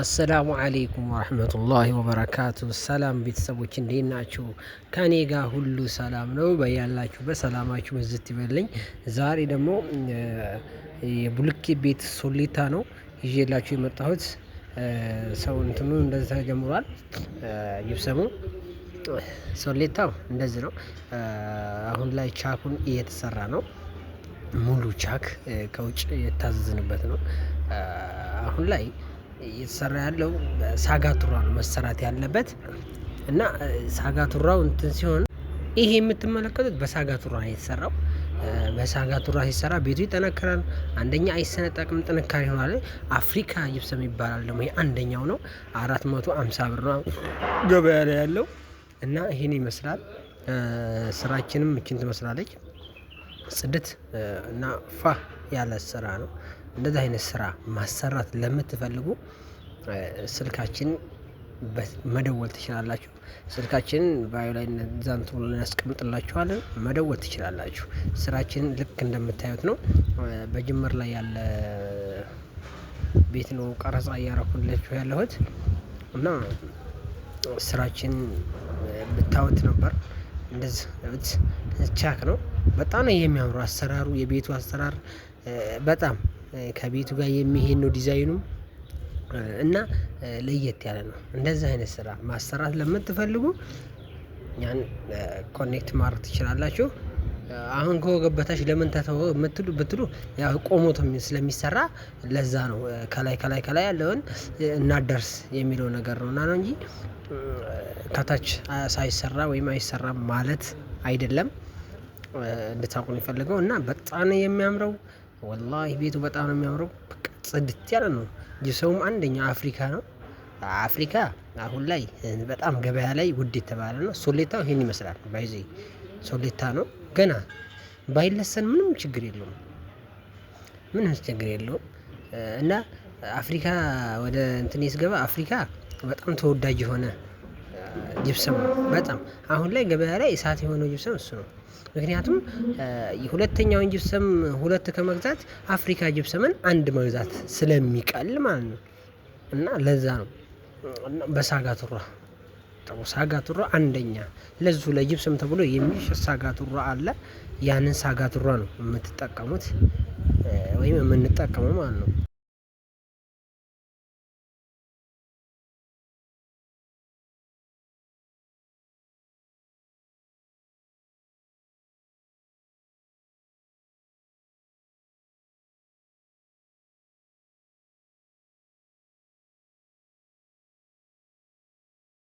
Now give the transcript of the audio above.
አሰላሙ አሌይኩም ወረህመቱላሂ ወበረካቱ። ሰላም ቤተሰቦች እንዴት ናችሁ? ከኔ ጋር ሁሉ ሰላም ነው። በያላችሁ በሰላማችሁ በዝት ይበልኝ። ዛሬ ደግሞ የቡልኬ ቤት ሶሌታ ነው ይዤላችሁ የመጣሁት። ሰው እንትኑ እንደዚህ ተጀምሯል። ይብሰሙ ሶሌታው እንደዚህ ነው። አሁን ላይ ቻኩን እየተሰራ ነው። ሙሉ ቻክ ከውጭ የታዘዝንበት ነው አሁን ላይ እየተሰራ ያለው ሳጋቱራ ነው መሰራት ያለበት እና ሳጋቱራው እንትን ሲሆን ይሄ የምትመለከቱት በሳጋቱራ ነው የተሰራው። በሳጋቱራ ሲሰራ ቤቱ ይጠነክራል። አንደኛ አይሰነጠቅም፣ ጥንካሬ ይሆናል። አፍሪካ ጅብሰም ይባላል ደግሞ ይሄ አንደኛው ነው። አራት መቶ አምሳ ብር ነው ገበያ ላይ ያለው እና ይህን ይመስላል። ስራችንም እችን ትመስላለች። ጽድት እና ፋ ያለ ስራ ነው። እንደዚህ አይነት ስራ ማሰራት ለምትፈልጉ ስልካችን መደወል ትችላላችሁ። ስልካችንን ባዩ ላይ እዛን እናስቀምጥላችኋለን። መደወል ትችላላችሁ። ስራችንን ልክ እንደምታዩት ነው። በጅምር ላይ ያለ ቤት ነው ቀረጻ እያረኩላችሁ ያለሁት እና ስራችን ብታወት ነበር እንደዚህ ቻክ ነው። በጣም ነው የሚያምሩ አሰራሩ፣ የቤቱ አሰራር በጣም ከቤቱ ጋር የሚሄድ ነው ዲዛይኑ እና ለየት ያለ ነው። እንደዚህ አይነት ስራ ማሰራት ለምትፈልጉ ያን ኮኔክት ማድረግ ትችላላችሁ። አሁን ከወገበታች ለምን ተተወ ምትሉ ብትሉ ያው ቆሞት ስለሚሰራ ለዛ ነው። ከላይ ከላይ ከላይ ያለውን እናደርስ የሚለው ነገር ነው እና ነው እንጂ ከታች ሳይሰራ ወይም አይሰራ ማለት አይደለም። እንድታውቁ ነው የፈለገው እና በጣም የሚያምረው ወላሂ ቤቱ በጣም ነው የሚያምረው። ጽድት ያለ ነው። የሰውም አንደኛ አፍሪካ ነው። አፍሪካ አሁን ላይ በጣም ገበያ ላይ ውድ የተባለ ነው። ሶሌታው ይሄን ይመስላል። ባይዜ ሶሌታ ነው። ገና ባይለሰን ምንም ችግር የለውም። ምንም ችግር የለውም። እና አፍሪካ ወደ እንትን ስገባ አፍሪካ በጣም ተወዳጅ የሆነ ጅብሰም ነው። በጣም አሁን ላይ ገበያ ላይ እሳት የሆነው ጅብሰም እሱ ነው። ምክንያቱም ሁለተኛውን ጅብሰም ሁለት ከመግዛት አፍሪካ ጅብሰምን አንድ መግዛት ስለሚቀል ማለት ነው። እና ለዛ ነው። በሳጋቱራ ጥሩ ሳጋቱራ አንደኛ ለዙ ለጅብሰም ተብሎ የሚሽ ሳጋቱራ አለ። ያንን ሳጋቱራ ነው የምትጠቀሙት ወይም የምንጠቀመው ማለት ነው